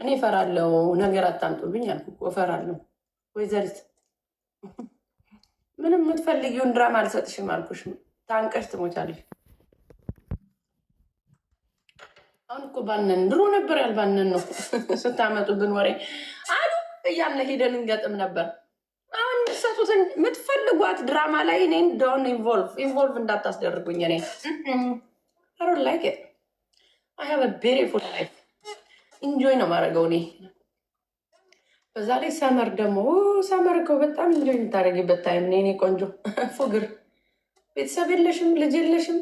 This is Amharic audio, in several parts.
እኔ እፈራለሁ። ነገር አታምጡብኝ አልኩ እኮ እፈራለሁ። ወይዘሪት ምንም የምትፈልጊውን ድራማ አልሰጥሽም አልኩሽ። ታንቀሽ ትሞቻለሽ። አሁን እኮ ባነን ድሮ ነበር ያልባነን ነው ስታመጡብን ወሬ አሉ እያለ ሄደን እንገጥም ነበር። አሁን የምትሰጡትን የምትፈልጓት ድራማ ላይ እኔን ዶን ኢንቮልቭ ኢንቮልቭ እንዳታስደርጉኝ። እኔ አሮን ላይክ አይ ሃቭ አ ላይፍ ኢንጆይ ነው ማድረገው እኔ። በዛ ላይ ሰመር ደግሞ ሰመር እኮ በጣም ኢንጆይ የምታደርጊበት ታይም ነው የእኔ ቆንጆ። ፉግር ቤተሰብ የለሽም፣ ልጅ የለሽም፣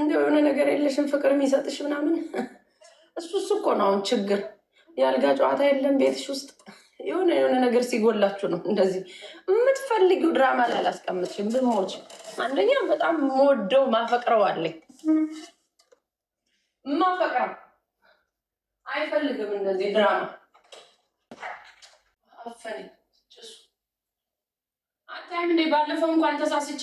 እንደ የሆነ ነገር የለሽም፣ ፍቅር የሚሰጥሽ ምናምን እሱ እሱ እኮ ነው አሁን ችግር። የአልጋ ጨዋታ የለም ቤትሽ ውስጥ የሆነ የሆነ ነገር ሲጎላችሁ ነው እንደዚህ የምትፈልጊው ድራማ ላይ አላስቀምጥሽም። ብሞች አንደኛ በጣም የምወደው ማፈቅረው አለኝ ማፈቅረው አይፈልግም እንደዚህ ድራማ አፈኔ ጭሱ አታይም እንዴ? ባለፈው እንኳን ተሳስቼ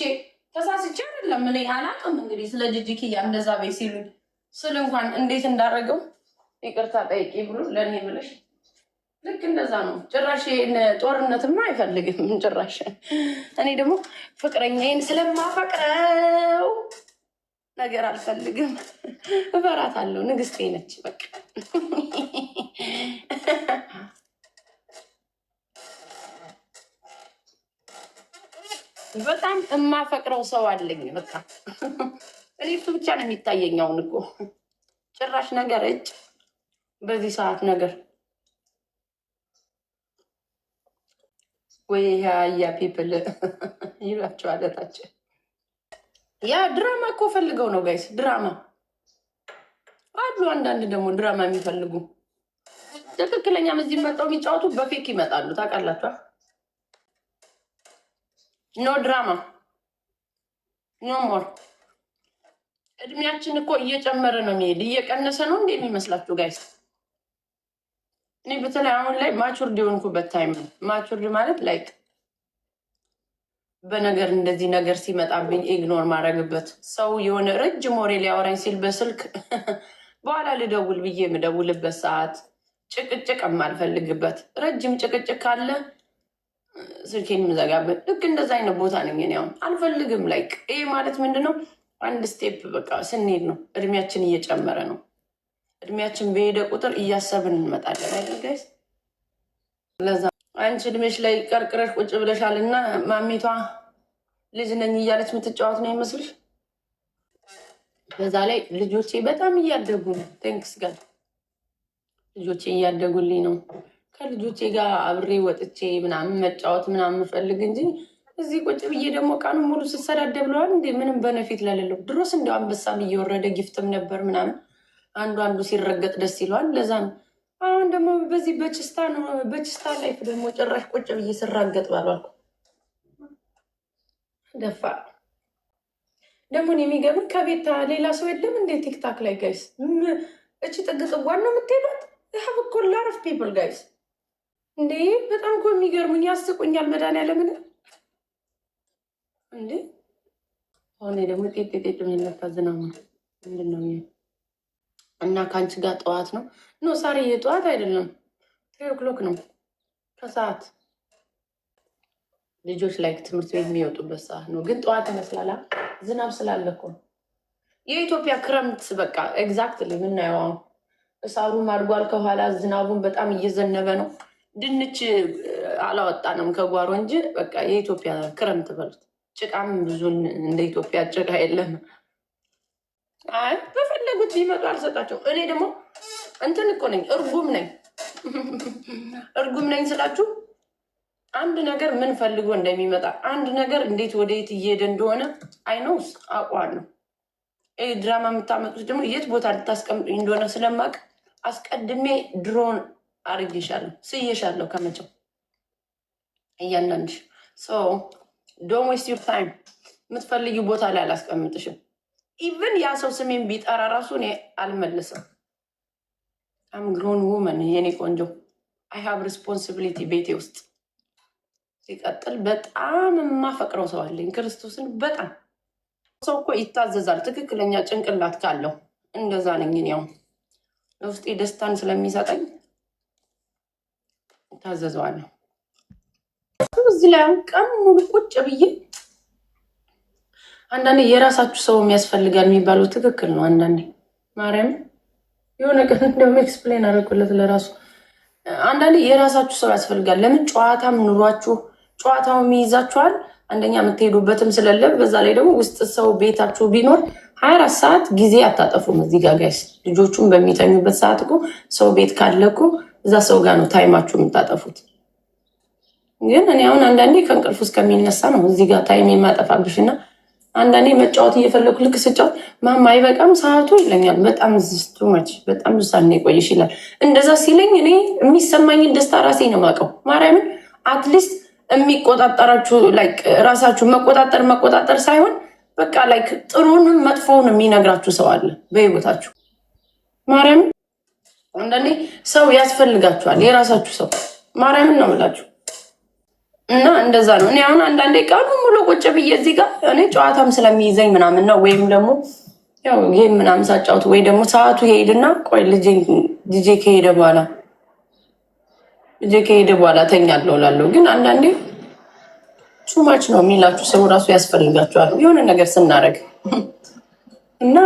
ተሳስቼ አይደለም እኔ አላውቅም። እንግዲህ ስለ ጅጅኪያ እንደዛ ቤት ሲሉ ስል እንኳን እንዴት እንዳደረገው ይቅርታ ጠይቂ ብሎ ለእኔ ብለሽ ልክ እንደዛ ነው። ጭራሽ ጦርነትማ አይፈልግም ጭራሽ። እኔ ደግሞ ፍቅረኛዬን ስለማፈቅረው ነገር አልፈልግም። እፈራታለሁ። ንግስቴ ነች። በቃ በጣም የማፈቅረው ሰው አለኝ። በቃ ሪፍቱ ብቻ ነው የሚታየኝ። አሁን እኮ ጭራሽ ነገር እጭ በዚህ ሰዓት ነገር ወይ ሀያ ፒፕል ይሏቸዋል እታችን ያ ድራማ እኮ ፈልገው ነው ጋይስ። ድራማ አሉ። አንዳንድ ደግሞ ድራማ የሚፈልጉ ትክክለኛ እዚህ መጣው የሚጫወቱ በፌክ ይመጣሉ። ታውቃላችሁ። ኖ ድራማ ኖ ሞር። እድሜያችን እኮ እየጨመረ ነው የሚሄድ። እየቀነሰ ነው እንዴ የሚመስላችሁ ጋይስ? እኔ በተለይ አሁን ላይ ማቹርድ የሆንኩበት ታይም ነው። ማቹርድ ማለት ላይክ በነገር እንደዚህ ነገር ሲመጣብኝ ኢግኖር ማድረግበት ሰው የሆነ ረጅም ወሬ ሊያወራኝ ሲል በስልክ በኋላ ልደውል ብዬ የምደውልበት ሰዓት ጭቅጭቅ የማልፈልግበት ረጅም ጭቅጭቅ ካለ ስልኬን የምዘጋበት ልክ እንደዚ አይነት ቦታ ነኝ እኔ አልፈልግም። ላይክ ይሄ ማለት ምንድን ነው? አንድ ስቴፕ በቃ ስንሄድ ነው እድሜያችን እየጨመረ ነው። እድሜያችን በሄደ ቁጥር እያሰብን እንመጣለን አይደል ጋይስ? ለዛ አንቺ እድሜሽ ላይ ቀርቅረሽ ቁጭ ብለሻል እና ማሚቷ ልጅ ነኝ እያለች የምትጫወት ነው ይመስልሽ? በዛ ላይ ልጆቼ በጣም እያደጉ ነው። ቴንክስ ጋር ልጆቼ እያደጉልኝ ነው። ከልጆቼ ጋር አብሬ ወጥቼ ምናምን መጫወት ምናምን ምፈልግ እንጂ እዚህ ቁጭ ብዬ ደግሞ ቃኑ ሙሉ ስሰዳደ ብለዋል። እንዴ! ምንም በነፊት ለሌለው ድሮስ እንዲያው አንበሳም እየወረደ ጊፍትም ነበር ምናምን አንዱ አንዱ ሲረገጥ ደስ ይለዋል። ለዛ ነው አሁን ደግሞ በዚህ በችስታ ነው በችስታ ላይፍ ደግሞ ጭራሽ ቁጭ ብዬ ስራገጥ ባሏል ደፋ ደግሞ የሚገርም ከቤት ሌላ ሰው የለም። እንደ ቲክታክ ላይ ጋይስ እች ጥግ ነው የምትሄዷት። ሀብ እኮ ላረፍ ፒፕል ጋይስ እንዴ በጣም እኮ የሚገርሙኝ ያስቁኛል። መድኃኒዓለምን እንዴ አሁን ደግሞ ጤጤጤጥ የሚለፋ ዝናማ ምንድን ነው? እና ከአንቺ ጋር ጠዋት ነው ኖ ሳሪ የጠዋት አይደለም፣ ትሪ ኦክሎክ ነው ከሰዓት ልጆች ላይ ትምህርት ቤት የሚወጡበት ሰዓት ነው። ግን ጠዋት ይመስላል ዝናብ ስላለ እኮ የኢትዮጵያ ክረምት በቃ ኤግዛክትሊ ምናየዋ እሳሩም አድጓል። ከኋላ ዝናቡን በጣም እየዘነበ ነው። ድንች አላወጣንም ከጓሮ እንጂ በቃ የኢትዮጵያ ክረምት በሉት። ጭቃም ብዙን እንደ ኢትዮጵያ ጭቃ የለም። አይ በፈለጉት ቢመጡ አልሰጣቸው። እኔ ደግሞ እንትን እኮ ነኝ፣ እርጉም ነኝ። እርጉም ነኝ ስላችሁ አንድ ነገር ምን ፈልጎ እንደሚመጣ አንድ ነገር እንዴት ወደ የት እየሄደ እንደሆነ አይነውስ አውቀዋለሁ። ይህ ድራማ የምታመጡት ደግሞ የት ቦታ ልታስቀምጡኝ እንደሆነ ስለማቅ አስቀድሜ ድሮን አርጌሻለሁ፣ ስየሻለሁ ከመቼው እያንዳንድሽ ዶን ዌስት ዩር ታይም የምትፈልጊው ቦታ ላይ አላስቀምጥሽም። ኢቨን ያ ሰው ስሜን ቢጠራ ራሱ እኔ አልመልስም። አም ግሮን ውመን የኔ ቆንጆ አይ ሃብ ሪስፖንሲቢሊቲ ቤቴ ውስጥ ሲቀጥል በጣም የማፈቅረው ሰው አለኝ። ክርስቶስን በጣም ሰው እኮ ይታዘዛል፣ ትክክለኛ ጭንቅላት ካለው እንደዛ ነኝ። ያው ለውስጤ ደስታን ስለሚሰጠኝ ታዘዘዋለሁ። እዚህ ላይ ቀን ሙሉ ቁጭ ብዬ አንዳንዴ የራሳችሁ ሰው የሚያስፈልጋል የሚባለው ትክክል ነው። አንዳንዴ ማርያም የሆነ ቀን እንደውም ኤክስፕሌን አደረኩለት ለራሱ አንዳንዴ የራሳችሁ ሰው ያስፈልጋል። ለምን ጨዋታም ኑሯችሁ ጨዋታው የሚይዛችኋል፣ አንደኛ የምትሄዱበትም ስለለብ በዛ ላይ ደግሞ ውስጥ ሰው ቤታችሁ ቢኖር ሀያ አራት ሰዓት ጊዜ አታጠፉም። እዚህ ጋር ጋይስ ልጆቹም በሚተኙበት ሰዓት እኮ ሰው ቤት ካለኩ እዛ ሰው ጋር ነው ታይማችሁ የምታጠፉት። ግን እኔ አሁን አንዳንዴ ከእንቅልፍ ውስጥ ከሚነሳ ነው እዚህ ጋር ታይም አንዳንዴ መጫወት እየፈለኩ ልክ ስጫወት ማማ አይበቃም ሰዓቱ ይለኛል። በጣም ዝስቱ መች በጣም ዝሳን ቆይሽ ይላል። እንደዛ ሲለኝ እኔ የሚሰማኝን ደስታ ራሴ ነው ማቀው። ማርያምን አትሊስት የሚቆጣጠራችሁ ራሳችሁ መቆጣጠር መቆጣጠር ሳይሆን በቃ ላይክ ጥሩንም መጥፎውን የሚነግራችሁ ሰው አለ በህይወታችሁ። ማርያምን አንዳንዴ ሰው ያስፈልጋችኋል፣ የራሳችሁ ሰው። ማርያምን ነው የምላችሁ። እና እንደዛ ነው። እኔ አሁን አንዳንዴ ቀኑ ሙሉ ቁጭ ብዬ እዚህ ጋር እኔ ጨዋታም ስለሚይዘኝ ምናምን ነው ወይም ደግሞ ይህ ምናምን ሳጫውት ወይ ደግሞ ሰዓቱ ሄድና ቆይ ልጄ ከሄደ በኋላ ልጄ ከሄደ በኋላ ተኛለሁ እላለሁ። ግን አንዳንዴ ቹማች ነው የሚላችሁ ሰው ራሱ ያስፈልጋችኋል የሆነ ነገር ስናደርግ እና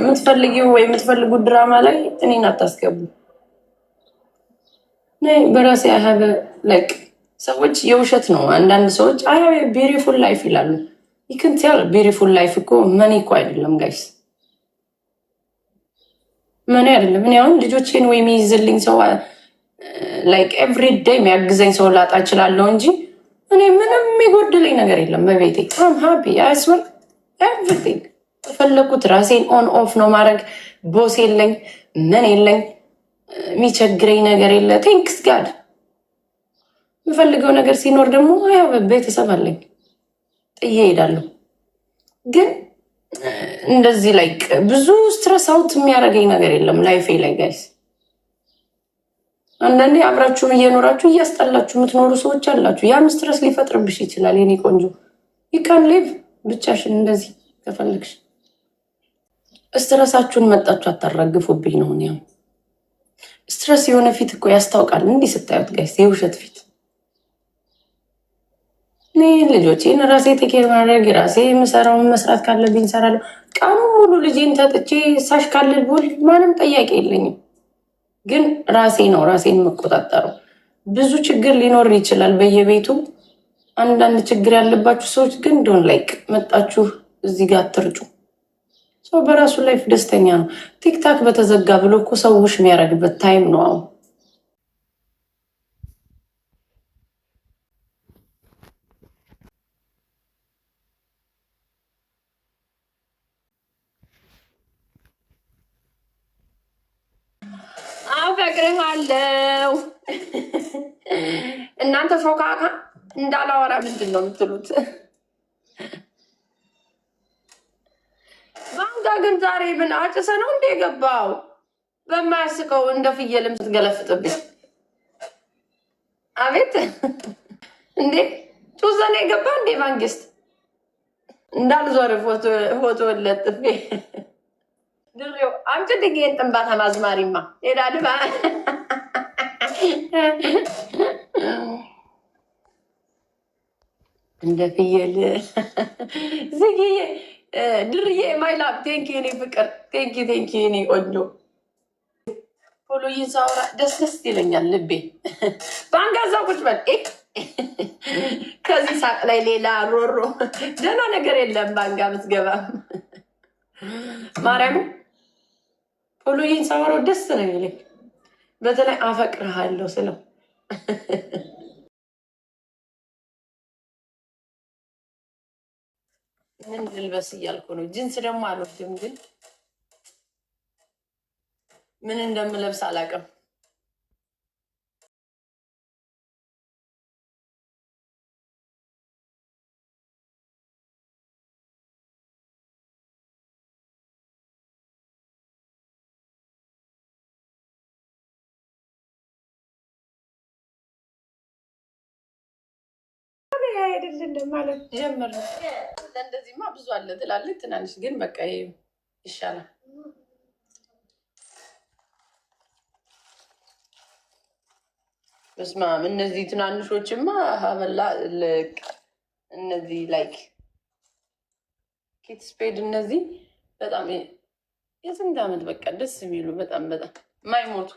የምትፈልጊው ወይ የምትፈልጉት ድራማ ላይ እኔን አታስገቡ በራሴ ለቅ ሰዎች የውሸት ነው። አንዳንድ ሰዎች አይ ቤሪፉል ላይፍ ይላሉ። ይክንት ያል ቤሪፉል ላይፍ እኮ መኔ እኮ አይደለም ጋይስ፣ መኔ አይደለም። እኔ አሁን ልጆቼን ወይም የሚይዝልኝ ሰው ላይክ ኤቭሪ ዴይ የሚያግዘኝ ሰው ላጣ እችላለሁ እንጂ እኔ ምንም የጎደለኝ ነገር የለም በቤቴ። ም ሃፒ አይስወር ኤቭሪቲንግ ተፈለኩት። ራሴን ኦን ኦፍ ነው ማድረግ። ቦስ የለኝ ምን የለኝ፣ የሚቸግረኝ ነገር የለ። ቴንክስ ጋድ የምፈልገው ነገር ሲኖር ደግሞ ቤተሰብ አለኝ ጥዬ እሄዳለሁ። ግን እንደዚህ ላይ ብዙ ስትረስ አውት የሚያደርገኝ ነገር የለም ላይፌ ላይ ጋይስ። አንዳንዴ አብራችሁ እየኖራችሁ እያስጠላችሁ የምትኖሩ ሰዎች አላችሁ። ያም ስትረስ ሊፈጥርብሽ ይችላል። የኔ ቆንጆ ይካን ሌቭ ብቻሽን እንደዚህ ከፈለግሽ ስትረሳችሁን መጣችሁ አታራግፉብኝ ነው። ያው ስትረስ የሆነ ፊት እኮ ያስታውቃል። እንዲህ ስታዩት ጋይስ የውሸት ፊት ልጆቼን ራሴ ቴኬር ማድረግ ራሴ የምሰራውን መስራት ካለብኝ እሰራለሁ። ቀኑ ሙሉ ልጄን ተጥቼ ሳሽ ካልልቦል ማንም ጠያቄ የለኝም። ግን ራሴ ነው ራሴን የምቆጣጠረው። ብዙ ችግር ሊኖር ይችላል በየቤቱ አንዳንድ ችግር ያለባችሁ ሰዎች ግን ዶን ላይክ መጣችሁ እዚህ ጋር አትርጩ። ሰው በራሱ ላይፍ ደስተኛ ነው። ቲክታክ በተዘጋ ብሎ እኮ ሰዎች የሚያደርግበት ታይም ነው አሁን እነግርሃለሁ። እናንተ ፎካካ እንዳላወራ ምንድን ነው የምትሉት? ባንጋ ግን ዛሬ ምን አጭሰ ነው እንደ የገባው በማያስቀው እንደ ፍየልም ስትገለፍጥብኝ አቤት እንዴ ጩዘን የገባ እንዴ መንግስት እንዳልዞር ፎቶ ለጥፌ ድሬው አምጭልኝ ይሄን ጥንባታ ማዝማሪማ ሌላ ልባ እንደ ፍየል ዝግዬ ድርዬ ማይላብ ቴንኪ ኔ ፍቅር ቴንኪ ቴንኪ ኔ ቆንጆ ቶሎ ይዛውራ ደስ ደስ ይለኛል ልቤ በአንጋዛ ቁጭ በል ከዚህ ሳቅ ላይ ሌላ ሮሮ ደህና ነገር የለም። ባንጋ ምትገባ ማርያም ቶሎ ይህን ሳወራው ደስ ነው የሚለኝ። በተለይ አፈቅርሃለሁ ስለው ምን ልልበስ እያልኩ ነው። ጅንስ ደግሞ አልወድም፣ ግን ምን እንደምለብስ አላውቅም። ያ ጀምር። እንደዚህማ ብዙ አለ ትላለች ትናንሽ ግን በቃ ይሻላል። በስመ አብ እነዚህ ትናንሾችማ ሀበላ ልቅ እነዚህ ላይክ እነዚህ በጣም የስንት ዓመት በቃ ደስ የሚሉ በጣም በጣም የማይሞቱ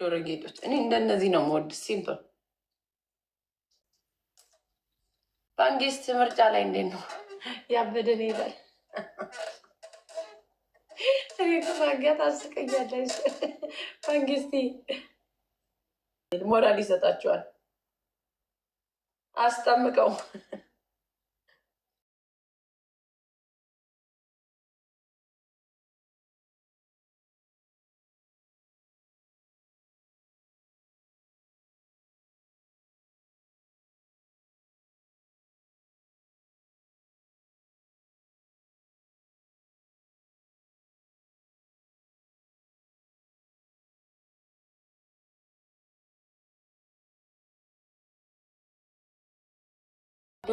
ጆሮ ጌጦች እኔ እንደነዚህ ነው መወድ ሲምፕል መንግስት ምርጫ ላይ እንዴት ነው ያበደን ይላል። ማጋት አስቀኛለች። መንግስት ሞራል ይሰጣቸዋል። አስጠምቀው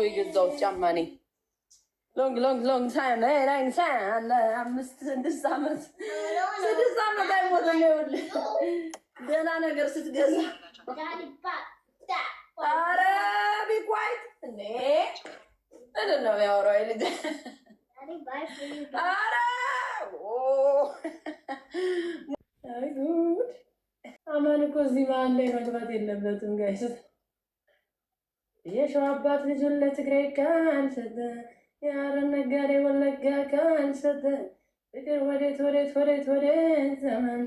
የገዛሁት ጫማ እኔ ሎንግ ሎንግ ሎንግ ታይም ሎንግ ታይም አምስት ስድስት ዓመት ስድስት አመት አይሞትም። ይኸውልህ ደህና ነገር ስትገዛ ኧረ ቢኳይት እንዴ ምንድን ነው ያወራው ልጅ? ኧረ ጉድ አማን እኮ እዚህ መሀል ላይ መግባት የለበትም ጋይስ የሸዋ አባት ልጁን ለትግሬ ካልሰጠ የአረብ ነጋዴ ወለጋ ካልሰጠ ፍቅር ወዴት ወዴት ወዴት ወዴት ዘመን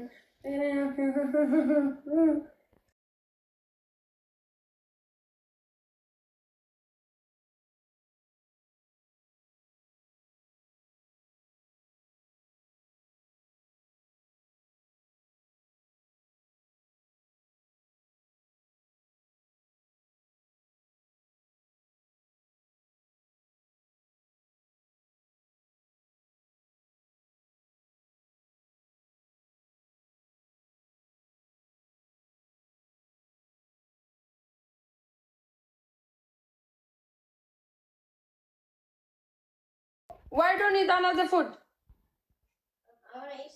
Why don't eat another food?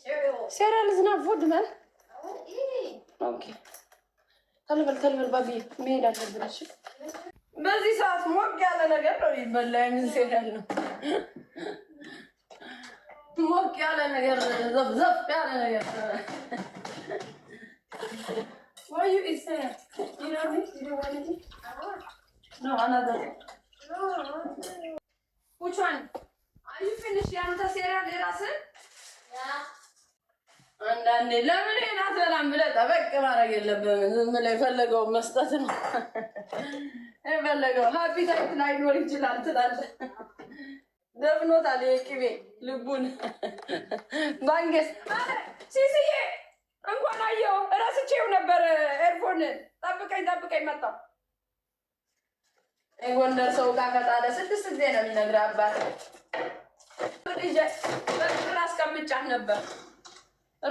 cereal. Cereal is not food, man. Okay. መሄድ በዚህ ሰዓት ሞቅ ያለ ነገር ነው የሚበላ። የምን ሴሪያል ነው? ሞቅ ያለ ነገር፣ ዘፍዘፍ ያለ ነገር አንዳንዴ ራስን አንዳንዴ ለምን ይሄን አትበላም ብለህ ጠበቅ ማድረግ የለብህም። ዝም ብለህ የፈለገውን መስጠት ነው የፈለገው። ሀፒታይት ላይኖር ይችላል ትላለህ። ደፍኖታል የቅቤ ልቡን ባንጌስ ሲስዬ እንኳን አየሁ እረስቼው ነበር። ኤርፎን ጠብቀኝ ጠብቀኝ መጣው የጎንደር ሰው ጋር ከጣለ ስድስት ጊዜ ነው የሚነግርህ አባት በፍቅር አስቀምጫት ነበር።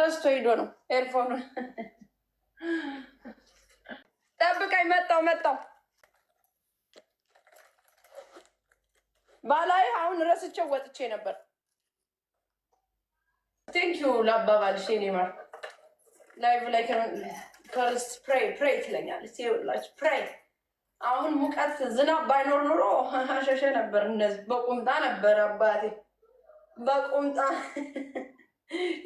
ረስቶ ሂዶ ነው ኤርፎኑን። ጠብቀኝ፣ መጣው መጣው! ባላይ አሁን ረስቼው ወጥቼ ነበር። ቴንኪዩ ለአባባልሽ የእኔ ማር ላይቭ ላይ ከርስ ፕሬይ ፕሬይ ትለኛለች። ይኸውላችሁ ፕሬይ አሁን ሙቀት ዝናብ ባይኖር ኑሮ ሸሸ ነበር። እነዚህ በቁምጣ ነበር አባቴ በቁምጣ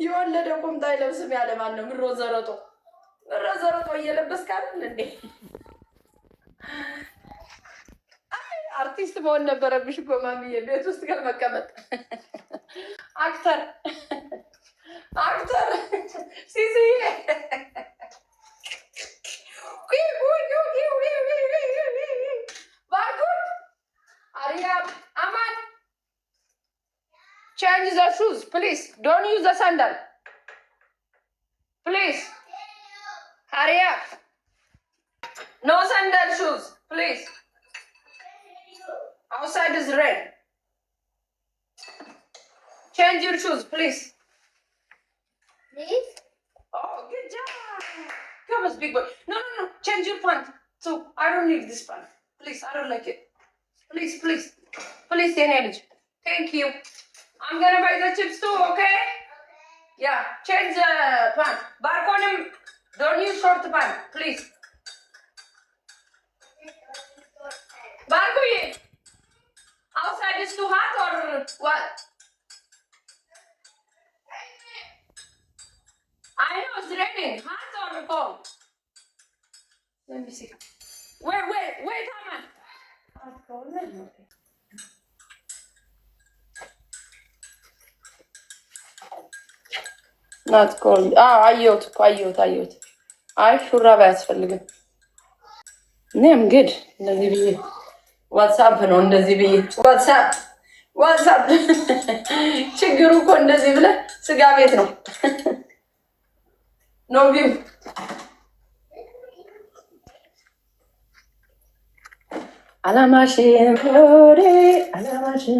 የወለደ ቁምጣ አይለብስም ያለ ማን ነው? ምሮ ዘረጦ ምሮ ዘረጦ እየለበስክ አይደል እንዴ? አርቲስት መሆን ነበረብሽ እኮ ማሚዬ፣ ቤት ውስጥ ገል መቀመጥ አክተር አክተር ሲሲ ባርኩ አሪያ Change the shoes, please. Don't use the sandal. Please. Hurry up. No sandal shoes, please. Outside is red. Change your shoes, please. Please? Oh, good job. Come on, big boy. No, no, no. Change your pant. So I don't need this pant. Please, I don't like it. Please, please. Please, Thank you. I'm gonna buy the chips too, okay? okay. Yeah, change the pants. Barkonim, don't use short pants, please. ናት እኮ አየሁት እኮ አየሁት አየሁት። አይ ሹራብ አያስፈልግም። እኔም ግድ እንደዚህ ብዬ ዋትሳፕ ነው እንደዚህ ብዬ ዋትሳፕ ዋትሳፕ። ችግሩ እኮ እንደዚህ ብለ ስጋ ቤት ነው ኖቪ አላማሽን ሆዴ አላማሽን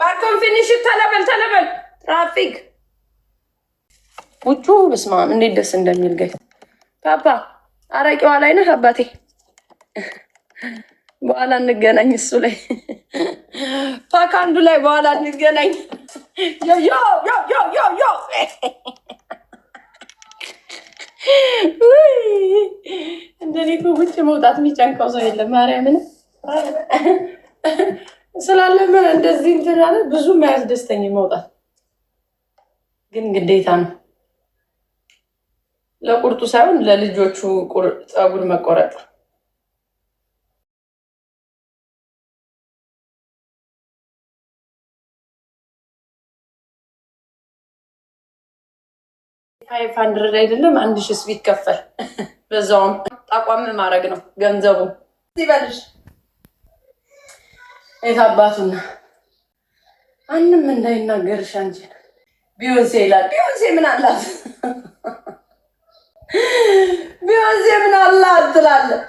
ባርኮን ፊኒሽ ተለበል ተለበል ትራፊክ ውጩ በስመ እንዴት ደስ እንደሚል ገይ ፓፓ አረቂዋ ላይ ነህ አባቴ። በኋላ እንገናኝ እሱ ላይ ፓክ አንዱ ላይ በኋላ እንገናኝ። እንደኔ ውጭ መውጣት የሚጨንቀው ሰው የለም። ማርያምን ስላለምን እንደዚህ እንትን አለ ብዙ ደስተኝ መውጣት ግን ግዴታ ነው። ለቁርጡ ሳይሆን ለልጆቹ ፀጉር መቆረጥ ፋይቭ ሀንድረድ አይደለም አንድ ሺህ ከፈል በዛውም ጠቋም ማድረግ ነው ገንዘቡ ይበልሽ። የት አባቱና አንም እንዳይናገርሽ አንቺ ቢዮንሴ ይላል። ቢዮንሴ ምን አላት? ቢዮንሴ ምን አላት ትላለህ